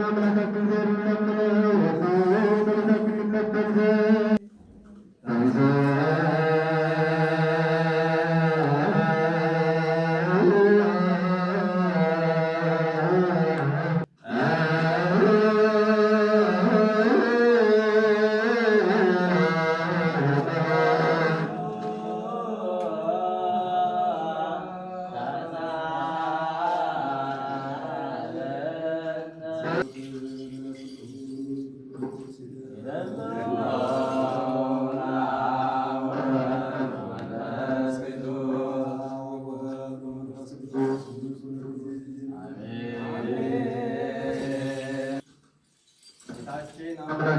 لك كبر لك وقوم لك كبر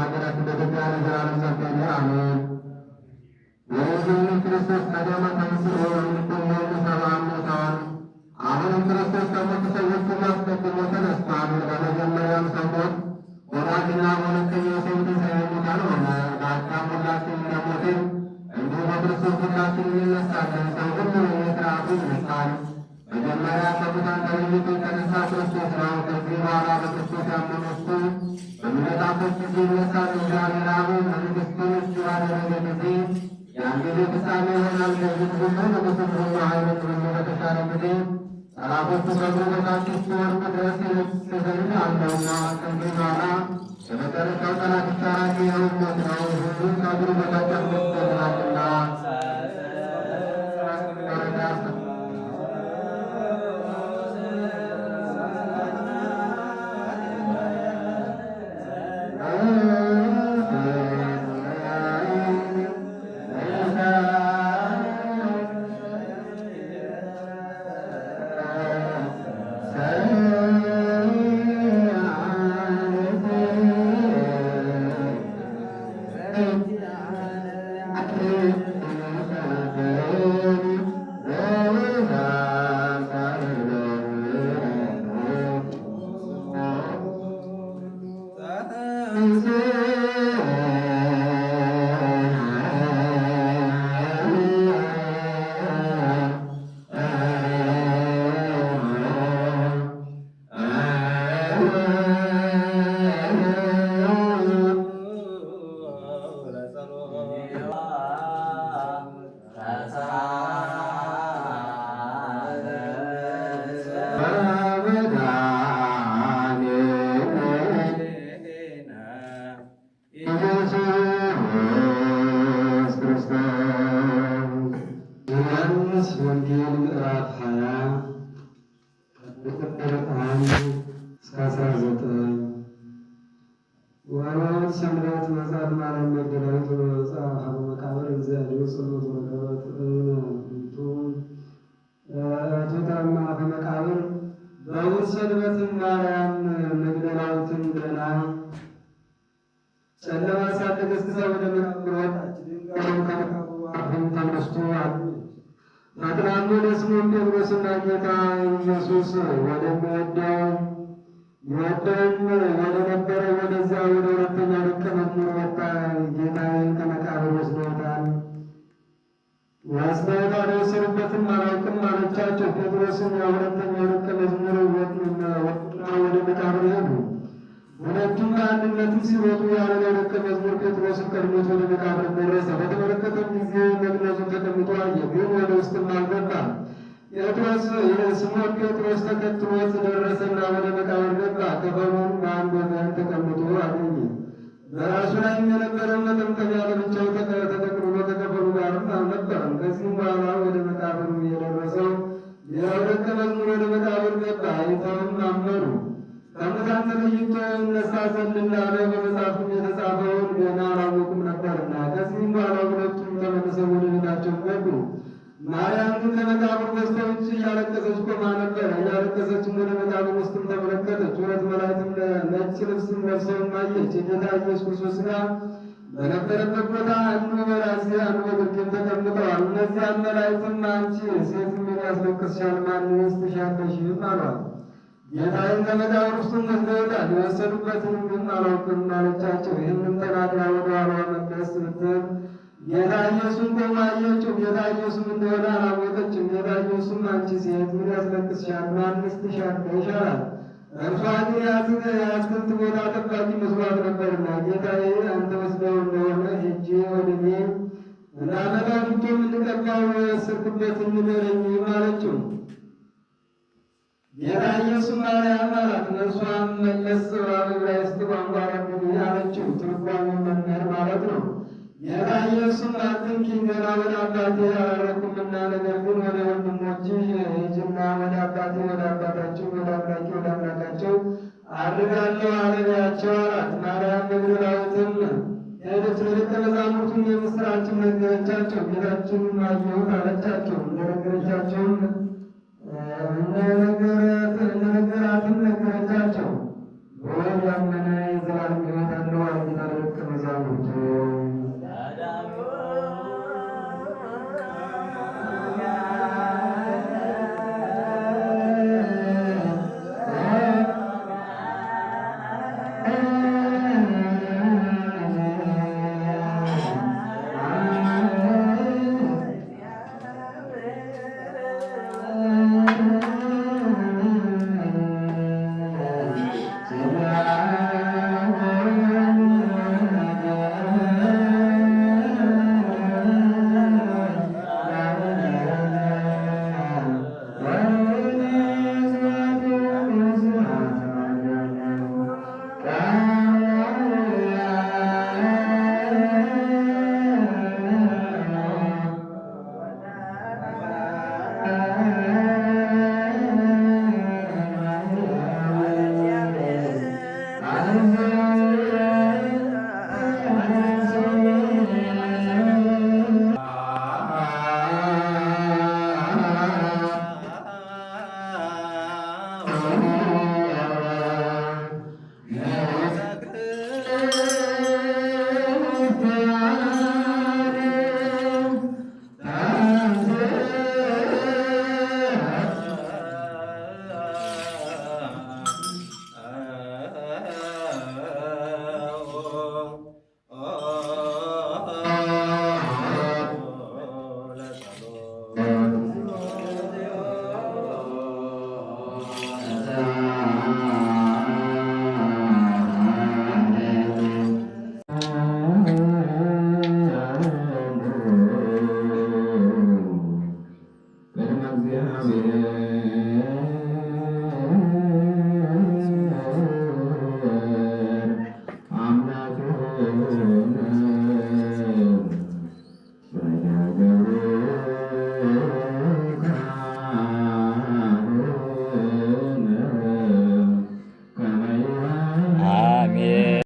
ሀገራችን በኢትዮጵያ ለዘላለም ሰርተን አሜን። የኢየሱስ ክርስቶስ ቀደመ ተንሥኡ እምኩሉ ሰባ ሙታን፣ አሁንም ክርስቶስ ከሞቱ ሰዎች ሁሉ አስቀድሞ ተነስቷል። በመጀመሪያም ሰሞት ወራጅና ሁለተኛ ሰውት ሳይሙታን ሆነ። በአዳም ሁላችን እንደሞትን እንዲሁ በክርስቶስ ሁላችን እንነሳለን። ሰው ሁሉ የሥርዓቱ ይነሳል። መጀመሪያ ከሙታን ተለይቶ የተነሳ ክርስቶስ ነው። ከዚህ በኋላ በክርስቶስ ያመኑ እሱ በሚመጣበት ጊዜ ይነሳል። እግዚአብሔር አብ መንግሥቱን እሱ ባደረገ ጊዜ ያን ጊዜ ፍጻሜ ይሆናል። ከዚህ ሁሉ ንጉሥም ሁሉ ኃይሎች ሁሉ በተሻለ ጊዜ ጠላቶቹ ከእግሩ በታች እስኪወድቁ ድረስ የልብስ አለውና ከዚህ በኋላ የመጨረሻው ጠላት ተራቂ የሆነ ነው። ሁሉም ከእግሩ በታች በእሑድ ሰንበትም መግደላዊትን ገና ጨለማ ሳትገስግሳ ወደ መቃብር ወጣች። ድንጋዩም ተነስቶ አገኘች። ፈጥናም ወደ ስምዖን ጴጥሮስና ጌታ ኢየሱስ ወደሚወደው ይወደውም ወደ ነበረ ወደዚያ ወደ ሁለተኛ ደቀ መዝሙር ወጣ። ጌታዬን ከመቃብር ወስደውታል ወስደውታል ማለትም አላውቅም አለቻቸው። ጴጥሮስም የሁለተኛ ዕለት ከመዝሙር ወጡና ወደ መቃብር ሄዱ። ሁለቱም በአንድነትም ሲሮጡ ያንን የደቀ መዝሙር ጴጥሮስን ቀድሞት ወደ መቃብር ደረሰ። በተመለከተም ጊዜ መግነዙን ተቀምጦ አየ፣ ግን ወደ ውስጥም አልገባም። ስምዖን ጴጥሮስ ተከትሎት ደረሰና ወደ መቃብር ገባ። ከበሩም አንድ መጽሐፍም የተጻፈውን ገና አላወቁም ነበርና። ከዚህም በኋላ ሁለቱም ተመልሰው ወደ ቤታቸው ገቡ። ማርያም ግን ከመቃብር በስተውጭ እያለቀሰች ቆማ ነበር። እያለቀሰችም ወደ መቃብር ውስጥም ተመለከተች። ሁለት መላእክትም ነጭ ልብስም ለብሰውም አየች። የጌታ ኢየሱስ ክርስቶስ ሥጋ በነበረበት ቦታ አንዱ በራሴ አንዱ በግርጌም ተቀምጠዋል። እነዚያን መላእክትም አንቺ ሴት የሚያስለቅስሻል ማንስ ትሻለሽም አሏት። ጌታዬን ከመቃብሩስቱም መዝገበታል የወሰዱበትን ግን አላውቅም አለቻቸው። ይህንም ተናግራ ወደ ኋላ መለስ ስትል ጌታ ኢየሱስን ቆማ ጌታ ኢየሱስም እንደሆነ አላወቀችም። ጌታ ኢየሱስም አንቺ ሴት ምን ያስለቅስሻል? ማንስ ትሻለሽ አላት። እርሷ ግን የአትክልት ቦታ ጠባቂ መስሏት ነበርና ጌታዬ አንተ ወስደው እንደሆነ ሄጄ ወደ እኔ እና መላምቶ የምንቀባው የወሰድኩበትን ንገረኝ አለችው። ጌታ ኢየሱስ ማርያም አላት። እርሷም መለስ ብላ በዕብራይስጥ ቋንቋ ረብኒ አለችው። ትርጓሜ መምህር ማለት ነው። ጌታ ኢየሱስም አትንኪኝ፣ ገና ወደ አባቴ አላረኩምና፣ ነገር ግን ወደ ወንድሞችህ ሂጂና ወደ አባቴ ወደ አባታቸው ወደ አምላኬ ወደ አምላካቸው አድርጋለሁ አለልሃቸው አላት። ማርያም መግደላዊትም ሄደች፣ ለደቀ መዛሙርቱም የምሥራችን ነገረቻቸው። ጌታችንም አየሁት አለቻቸው። እንደነገረቻቸውም ነገራትም ነገረቻቸው ወይ የዘላለም ሕይወት አለው አርጌታ ለደቀ መዛሙርቱ